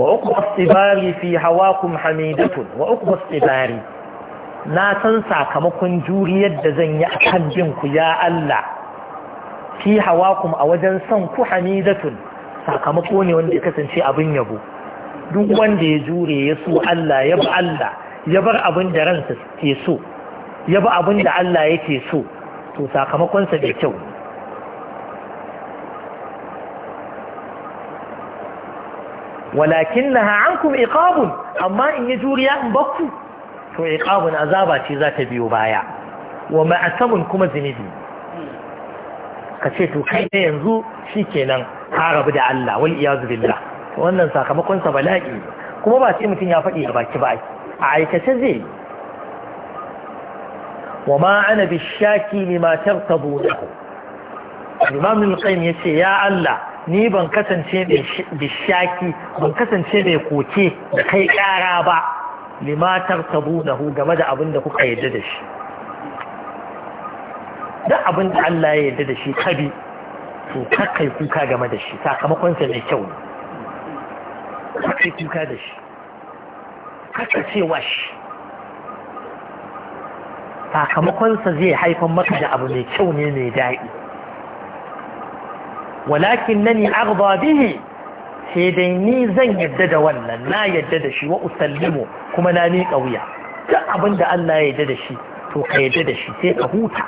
وعقب الصبار في Hamidatun wa وعقب الصبار na san sakamakon juriyar da zan yi a kan ku ya Allah fi hawakum a wajen son ku hamidatun sakamako ne wanda ya kasance abin yabo duk wanda ya jure ya so Allah ya bi Allah ya bar abin da ransa ke so ya bi abin da Allah yake so to sakamakonsa da kyau walakin na ha'ankum iqabun amma in yi juriya in bakku to iqabun azaba ce za ta biyo baya wa ma'asamun kuma zinibi. ka ce to kai ne yanzu shi ka rabu da Allah wal iyazu billah wannan sakamakon sa bala'i kuma ba sai mutum ya faɗi a baki ba a aikace zai wa ma ana bishaki lima tartabuna Imam Al-Qayyim yace ya Allah ni ban kasance mai bishaki ban kasance mai koke da kai kara ba limatar tabu na hu game da abin da kuka yadda da shi don abin da Allah ya yadda da shi kabi to kakai kuka game da shi sakamakonsa mai kyau ne kakai kuka da shi kakacewa cewa shi sakamakonsa zai haifan maka da abu mai kyau ne mai daɗi walakinnani arda bihi sai ni zan yadda da wannan na yadda da shi wa usallimu kuma na ni kauya duk abin Allah ya yadda da shi to ka yadda da shi sai ka huta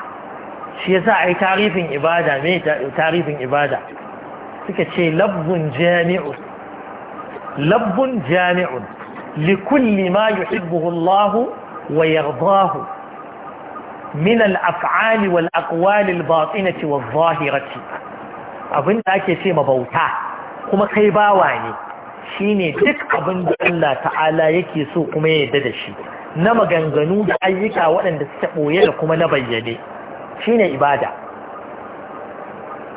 shi yasa ai tarifin ibada me tarifin ibada suka ce lafzun jami'un lafzun jami'un likulli ma yuhibbuhu Allah wa yarbahu minal al-af'ali wal aqwali al-batinati zahirati abin da ake ce ma bauta kuma kai bawa ne shine duk abin da Allah ta'ala yake so kuma ya yarda da shi na maganganu da ayyuka waɗanda suke ɓoye da kuma na bayyane ne ibada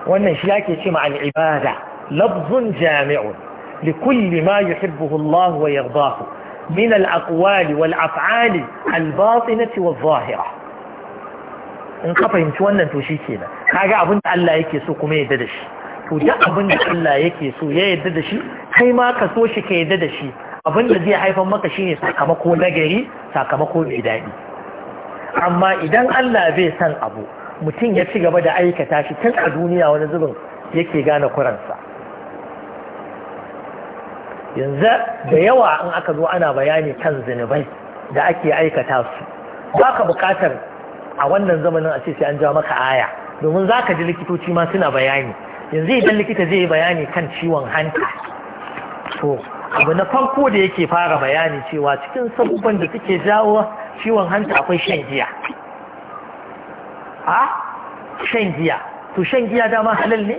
wannan shi ake ce ma al-ibada lafzun jami'un لكل ما يحبه الله wal af'ali al والأفعال الباطنة zahira in ka fahimci wannan to shi ke kenan kaga abin da Allah yake so kuma yadda da shi to duk abin da Allah yake so ya yadda da shi kai ma ka so shi ka yadda da shi abin da zai haifar maka shine sakamako na sakamako mai daɗi amma idan Allah bai san abu mutum ya ci gaba da aikata shi tun a duniya wani zubin yake gane kuransa yanzu da yawa in aka zo ana bayani kan zunubai da ake aikata su ba ka bukatar a wannan zamanin a ce sai an ja maka aya domin za ka ji likitoci ma suna bayani yanzu idan likita zai yi bayani kan ciwon hanta to abu na farko da yake fara bayani cewa cikin sabubban da suke jawo ciwon hanta akwai shan giya a shan giya to shan giya dama halal ne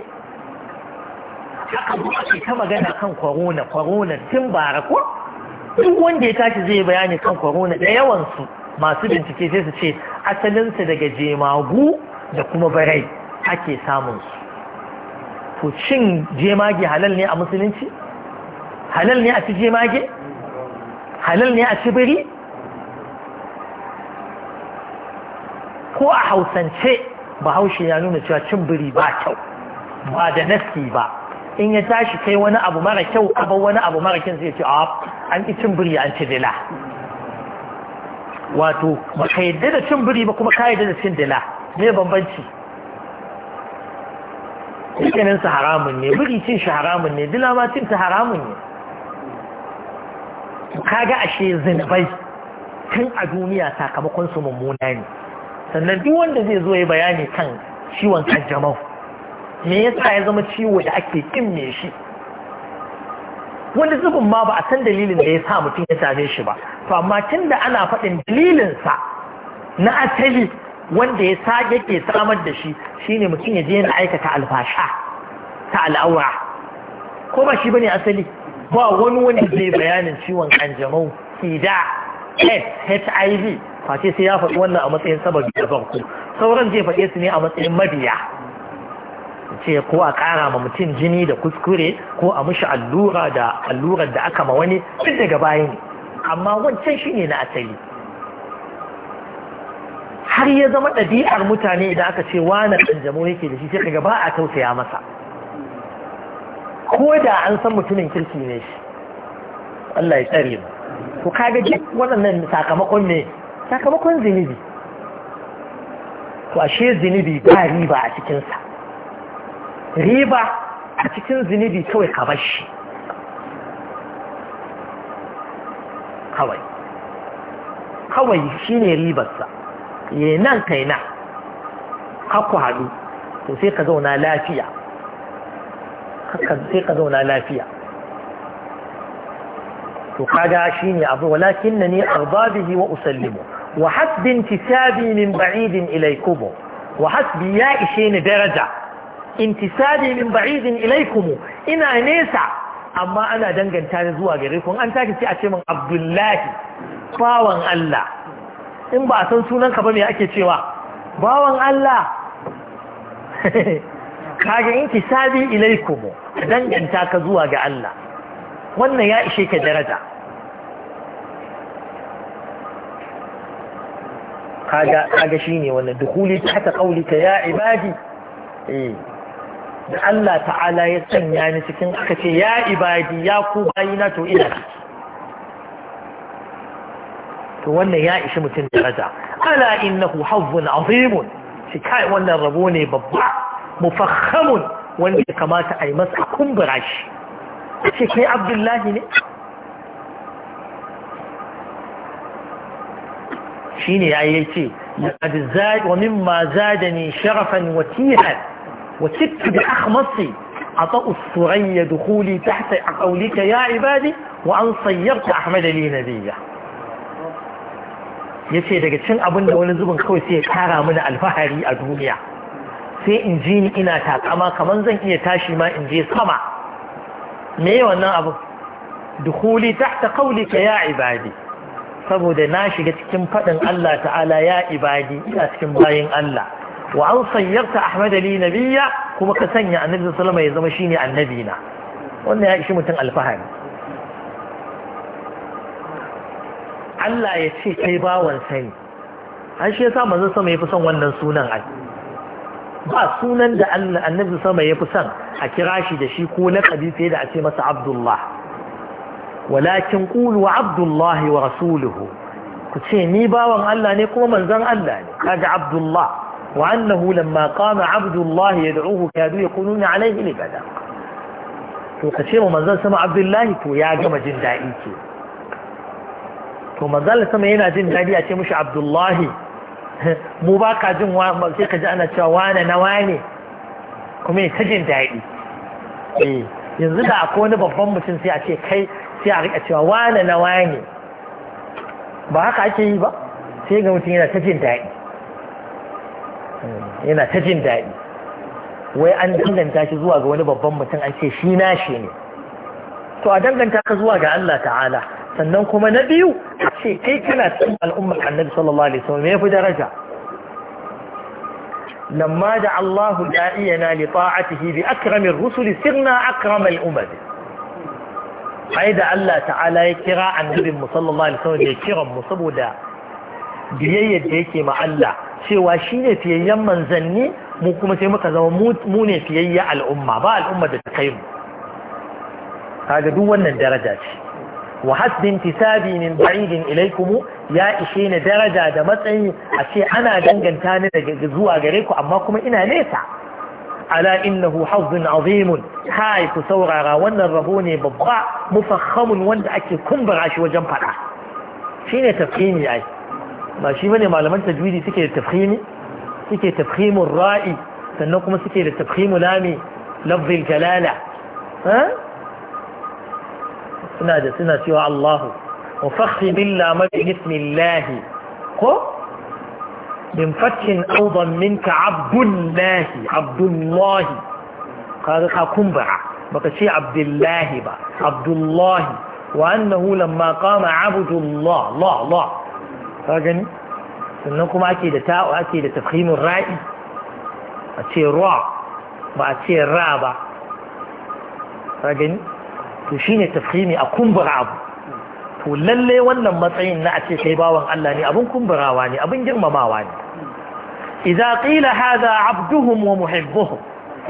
aka buƙaci ta magana kan kwarona korona tun bara ko duk wanda ya tashi zai bayani kan kwarona da yawansu masu bincike sai su ce asalinsa daga jemagu da kuma barai ake samun su to shin jemage halal ne a musulunci halal ne a ci jemage halal ne a ci biri ko a hausance bahaushe ya nuna cewa cin biri ba kyau ba da nasi ba in ya tashi kai wani abu mara kyau bar wani abu mara kyau zai ce a ah, an cin biri an ci dila wato ba ka yadda da cin biri ba kuma ka yadda da cin dila ne bambanci dukkanin su haramun ne biri cin shi haramun ne dila ma cin ta haramun ne ka ga ashe zinabai tun a duniya sakamakon su mummuna ne sannan duk wanda zai zo ya bayani kan ciwon kanjamau me yasa ya zama ciwo da ake kin shi wani zubin ma ba a san dalilin da ya sa mutum ya same shi ba to amma tun da ana faɗin dalilinsa na asali wanda ya sa yake samar da shi shine mutum ya je yana aikata alfasha ta al'aura ko ba shi bane asali ba wani wanda zai bayanin ciwon kanjamau sida hiv face sai ya faɗi wannan a matsayin sababi da ku sauran zai faɗe su ne a matsayin mabiya ce ko a ƙara ma mutum jini da kuskure ko a mushi allura da allurar da aka ma wani duk daga baya ne amma wancan shi ne na asali har ya zama ɗabi'ar mutane idan aka ce wani ƙanjamo yake da shi sai daga ba a tausaya masa ko da an san mutumin kirki ne shi Allah ya tsare mu to kaga duk waɗannan sakamakon ne sakamakon zinubi ko ashe zinubi ba riba a cikinsa riba a cikin zunubi kawai ka bar shi kawai kawai shi ne ribarsa ya nan kai na haku haɗu to sai ka zauna lafiya sai ka zauna lafiya to kaga shi ne abu walakin na ne arbabihi wa usallimu wa hasbin tisabi min ba'idin ilai kubo wa hasbi ya ishe ni daraja intisabi min ba'idin ilaikum ina nesa amma ana danganta ni zuwa gare ku an take ce a ce min abdullahi bawan Allah in ba a san sunan ka ba me ake cewa bawan Allah kaga intisabi ilaikum danganta ka zuwa ga Allah wannan ya ishe ka daraja kaga kaga shine wannan dukuli ta qawlika ya ibadi eh da Allah ta'ala ya sanya ni cikin aka ce ya ibadi ya ku bayina to ina to wannan ya ishi mutum daraja ala innahu hazzun azimun shi kai wannan rabo ne babba mufakhamun wanda ya kamata a yi masa kumbura shi ce kai abdullahi ne shine yayi yace laqad zad wa mimma zadani sharafan wa وست بأخمصي عطاء الثريا دخولي تحت قولك يا عبادي وأن صيرت أحمد لي نبيا yace daga cin abin da wani zubin kawai sai ya tara mana alfahari a duniya sai in ji ni ina takama kamar zan iya tashi ma in je sama me wannan abu dukuli tahta qawlika ya ibadi saboda na shiga cikin faɗin Allah ta'ala ya ibadi ina cikin bayin Allah wa an sayyarta Ahmad Ali nabiyya kuma ka sanya annabi sallama ya zama shine annabi na wannan ya ishi mutum alfahari Allah ya ce kai bawan sani an shi yasa manzon sama yafi son wannan sunan ai ba sunan da annabi sama yafi son a kira shi da shi ko laqabi sai da a ce masa Abdullah walakin qulu Abdullah wa rasuluhu ku ce ni bawan Allah ne kuma manzon Allah ne kaga Abdullah وأنه لما قام عبد الله يدعوه كادوا يقولون عليه لبدا to ka ce wa manzon sama abdullahi ya gama jin daɗi ke to manzon sama yana jin daɗi a ce mushi abdullahi mu ba ka jin sai ka ji ana cewa wane na kuma ya ta jin daɗi yanzu da akwai babban mutum sai a ce kai sai a rika cewa wane na ba haka ake yi ba sai ga mutum yana ta jin daɗi yana ta jin daɗi wai an danganta shi zuwa ga wani babban mutum an ce shi nashi ne to a danganta ka zuwa ga Allah ta'ala sannan kuma na biyu a ce kai kana cikin al'ummar annabi sallallahu alaihi wasallam ya fi daraja lamma da Allahu da'iyana li ta'atihi bi akramir rusuli sirna akramal umam ai da Allah ta'ala ya kira annabin mu sallallahu alaihi wasallam ya kira mu saboda biyayyar da yake ma Allah cewa shi ne fiyayyen manzanni mu kuma sai muka zama mu ne fiyayya al'umma ba al'umma da ta kai mu kaga duk wannan daraja ce wa hasbin tisabi min ba'idin ilaikum ya ishe ni daraja da matsayi a ce ana danganta ni daga zuwa gare ku amma kuma ina nesa ala innahu hazzun azim kai ku saurara wannan rabo ne babba mufakhamun wanda ake kumbura shi wajen fada shine tafsiri ai ماشي من معلومة تجويدي تكي للتفخيم تكي تفخيم الرائي تنقم تكي للتفخيم لامي لفظ الجلالة ها سنادى سنا سوى الله وفخ بالله ما باسم الله قو من فتح أوضا منك عبد الله عبد الله قال حكم بقى بقى شيء عبد الله بقى عبد الله وأنه لما قام عبد الله الله الله ka gani sannan kuma ake da ta'u ake da tafhimin ra'i a ce ruwa ba a ce ra ba ka gani to shine tafhimi a kumbura abu to lalle wannan matsayin na a ce kai bawan Allah ne abin kumburawa ne abin girmamawa ne idza qila hadha abduhum wa muhibbuhum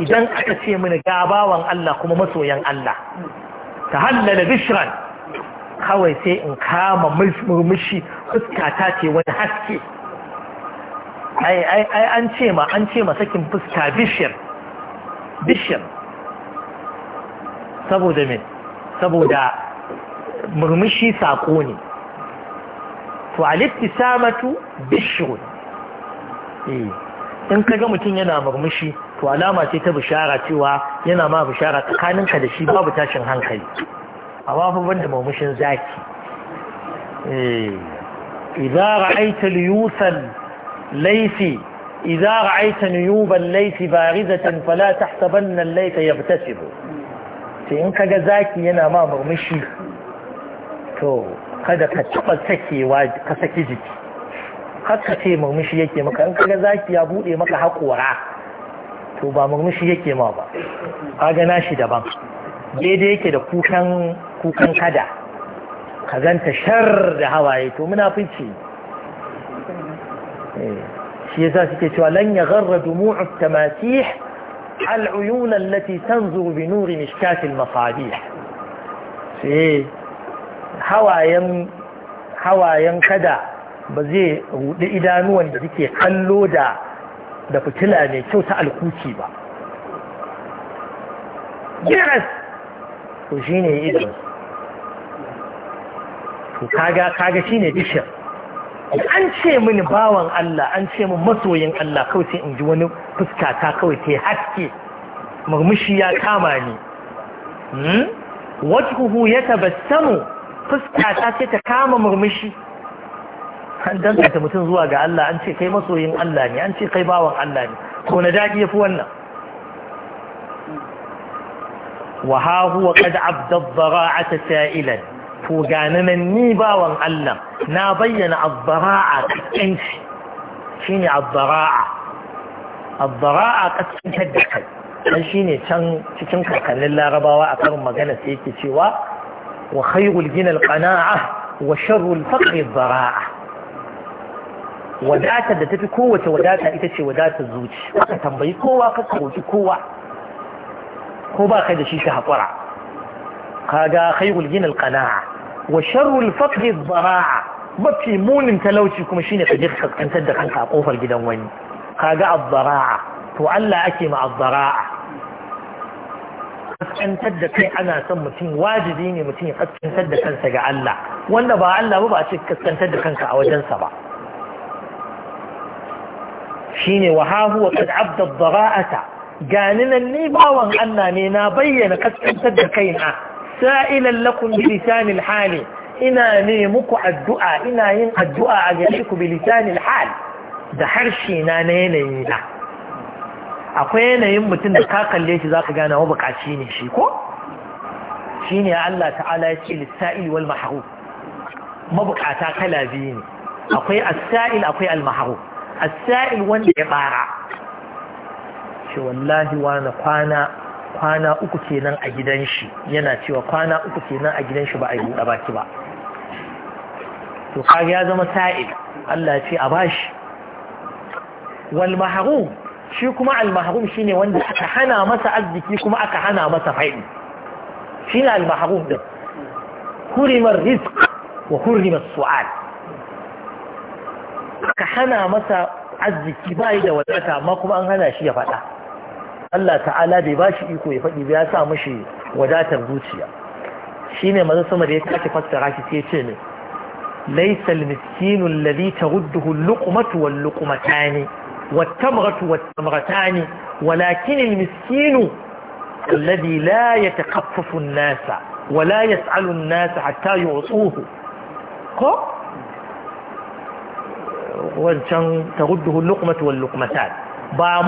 idan aka ce mini ga bawan Allah kuma masoyan Allah ta hallala bishran kawai sai in kama murmushi fuska ta ce wani haske ai ai ai an ce ma an ce ma sakin fuska bishir bishir saboda me saboda murmushi sako ne to alittisamatu bishrun eh, in ka ga mutum yana murmushi to alama ce ta bishara cewa yana ma bishara tsakaninka da shi babu tashin hankali a wafin banda murmushin zaki eh إذا رأيت ليوثا ليث إذا رأيت نيوب الليث بارزة فلا تحسبن الليث يبتسم in ka ga zaki yana ma murmushi kada ka taɓa sakewa ka saki jiki haka ce murmushi yake maka in ka ga zaki ya buɗe maka haƙora to ba murmushi yake ma ba kaga nashi daban daidai yake da kukan kada ka ganta shar da hawaye to munafici eh, shi yasa suke cewa lan ya garra dumu'u tamasih al'uyun allati tanzuru bi nuri mishkatil masabih sai hawayen hawayen kada ba zai rudi idanuwan da suke kallo da da fitila mai kyau ta alkuci ba yes to shine idris to kaga kaga shine bishir an ce mini bawan Allah an ce min masoyin Allah kawai sai in ji wani fuska ta kawai sai haske murmushi ya kama ni hmm? wajhuhu yatabassamu fuska ta sai ta kama murmushi an danganta mutum zuwa ga Allah an ce kai masoyin Allah ne an ce kai bawan Allah ne to na dadi yafi wannan wa ha huwa qad abda dhara'ata sa'ilan to gani nan ni bawan Allah na bayyana abbara'a kakkanci shi ne abbara'a abbara'a kakkanci da kai dan shi ne can cikin kakannin larabawa a karin magana sai yake cewa wa khairul ginal qana'a wa sharrul faqri bara'a wadata da tafi kowace wadata ita ce wadata zuci aka tambayi kowa ka roki kowa ko ba ka da shi shi haƙura kaga khairul ginal qana'a wa sharrul faqri dara'a mafi munin talauci kuma shine ka je ka kantar da kanka a kofar gidan wani kaga azzara'a to Allah ake ma azzara'a kaskantar da kai ana son mutum wajibi ne mutum ya kaskantar da kansa ga Allah wanda ba Allah ba ba ce kaskantar da kanka a wajensa ba shine wa ha huwa qad abda dhara'ata ganinan ni bawan Allah ne na bayyana kaskantar da kaina sa'ilan lakum bi lisanil hali ina ne muku addu'a ina yin addu'a a gare ku bi lisanil hal da harshe na na yanayi na akwai yanayin mutum da ka kalle shi za ka gane wa bukaci ne shi ko shine Allah ta'ala ya ce lisa'il wal maharu. mabukata kala biyu ne akwai as akwai al-mahrum wanda ya bara shi wallahi wa na kwana kwana uku kenan a gidan shi yana cewa kwana uku kenan a gidan shi ba a yi buɗe baki ba to kaga ya zama sa'id Allah ya ce a bashi wal mahrum shi kuma al mahrum shine wanda aka hana masa arziki kuma aka hana masa faidi shine al mahrum din hurimar rizq wa hurimar su'al aka hana masa arziki bai da wadata amma kuma an hana shi ya faɗa Allah ta'ala bai bashi iko ya faɗi ya sa mashi wadatar zuciya Shi ne maza sama da ya kake fassara shi sai ce ne laysa al-miskinu alladhi tarudduhu al-luqmatu wal-luqmatani والتمرة والتمرتان ولكن المسكين الذي لا يتخفف الناس ولا يسأل الناس حتى يعطوه وانشان تغده اللقمة واللقمتان ba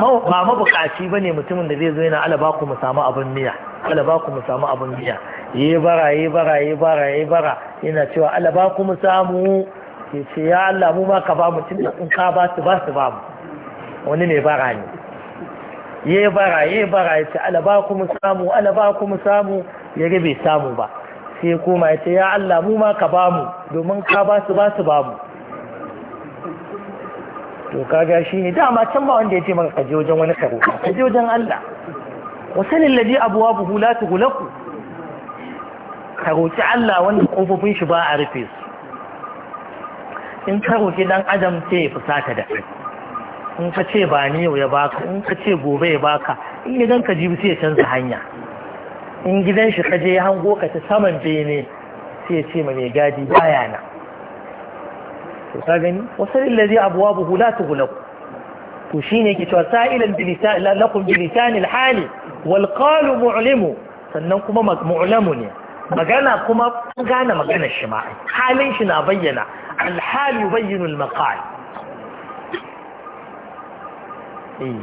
mabukaci ba ne mutumin da zai zo yana ala baku mu samu abin miya ala baku mu samu abin miya yi bara yi bara yi bara yi bara yana cewa ala baku mu samu ke ce ya Allah mu ma ka ba mu tun in ka ba su ba su ba mu wani mai bara ne yi bara yi bara ya ce ala baku mu samu ala baku mu samu ya ga bai samu ba sai kuma ya ce ya Allah mu ma ka ba mu domin ka ba su ba su ba mu to kaga shi ne dama can ba wanda ya ce maka kaje wajen wani karo kaje wajen Allah wasanin ladi abuwa buhu la tugulaku ka roƙi Allah wanda kofofin shi ba a rufe su in ka roƙi dan adam sai ya fusata da kai in ka ce ba ni ya baka in ka ce gobe ya baka in gidan ka jibi sai ya canza hanya in gidan shi ka je ya hango ka ta saman bene sai ya ce ma mai gadi baya na ka gani wasan illazi abwabuhu la tughlaq to shine yake cewa sa'ilan bi lisan hali wal qalu sannan kuma mu'lamu ne magana kuma gane magana shi ma halin shi na bayyana alhali hal yubayyinu al maqal eh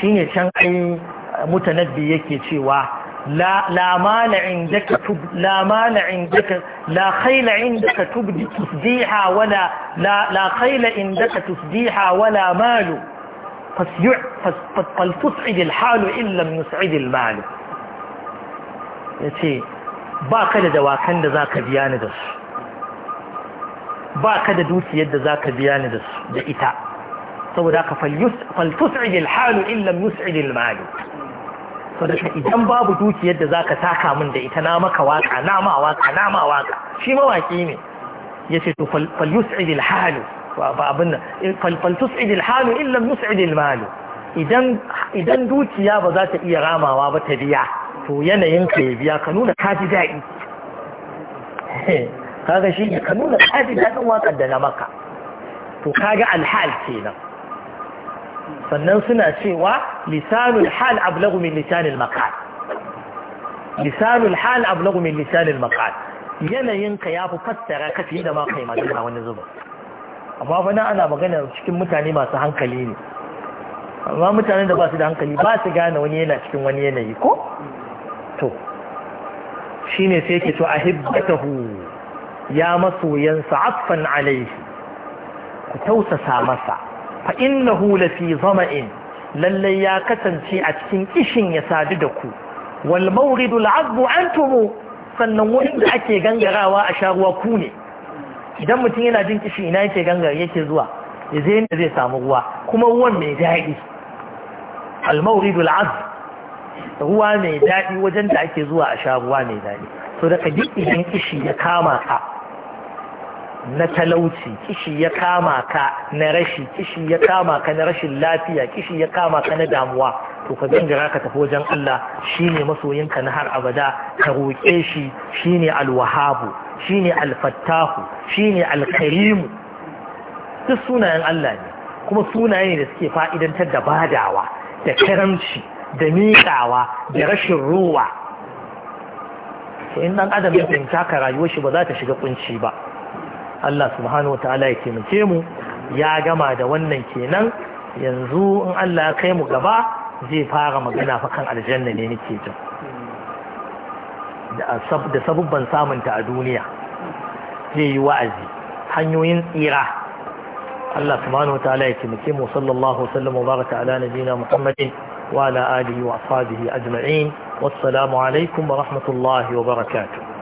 shine can ai mutanabbi yake cewa لا مال عندك تب لا مال عندك لا خيل عندك تبدي تفديها ولا لا لا خيل عندك تفديها ولا مال فسيع فلتسعد الحال ان لم نسعد المال يتي باك ده واكن ده ذاك بيان ده باك ده دوتي يد ذاك بيان ده ده ايتا فلتسعد الحال ان لم يسعد المال so idan babu dukiyar da zaka taka min da ita na maka waka na ma waka na ma waka shi mawaki ne yace to fal yus'id al halu ba abin nan eh, fal tus'id al halu illa yus'id al mal idan idan dukiya ba za ta iya ramawa ba ta biya to yanayin ka ya biya ka nuna ka ji daɗi kaga shi ka nuna ka ji daɗin waƙar da na maka to kaga alhal kenan sannan suna cewa lisanul hal ablagu min lisanil maqal lisanul hal ablagu min lisanil maqal yanayinka yafi fassara ka fiye da ma kai magana wani zuba amma fa nan ana magana cikin mutane masu hankali ne amma mutanen da ba su da hankali ba su gane wani yana cikin wani yanayi ko to shine sai yake to ahibbatahu ya masoyansa affan alaihi ku tausasa masa fa innahu lafi zama'in lallai ya kasance a cikin kishin ya sadu da ku wal mawridu al'azbu antum sannan wurin da ake gangarawa a sha ruwa ku ne idan mutum yana jin kishi ina yake gangar yake zuwa ya zai yadda zai samu ruwa kuma ruwan mai daɗi al mawridu al'azbu ruwa mai daɗi wajen da ake zuwa a sha ruwa mai daɗi so daga duk idan kishi ya kama ka na talauci kishi ya kama ka na rashi kishi ya kama ka na rashin lafiya kishi ya kama ka na damuwa to ka gangara ka tafi wajen Allah shine masoyinka na har abada ka roƙe shi shine alwahabu shine alfattahu shine alkarimu duk sunayen Allah ne kuma sunaye ne da suke fa'idantar da badawa da karamci da miƙawa da rashin ruwa to in dan adam ya tsinta ka rayuwar shi ba za ta shiga kunci ba Allah subhanahu wata'ala ya taimake mu ya gama da wannan kenan yanzu in Allah ya kai mu gaba zai fara magana fa kan aljanna ne nake jin da sabubban samunta a duniya zai yi wa'azi hanyoyin tsira Allah subhanahu wata'ala ya taimake mu sallallahu sallam wa baraka ala nabiyina Muhammadin wa ala alihi wa ashabihi ajma'in wassalamu alaikum wa rahmatullahi wa barakatuh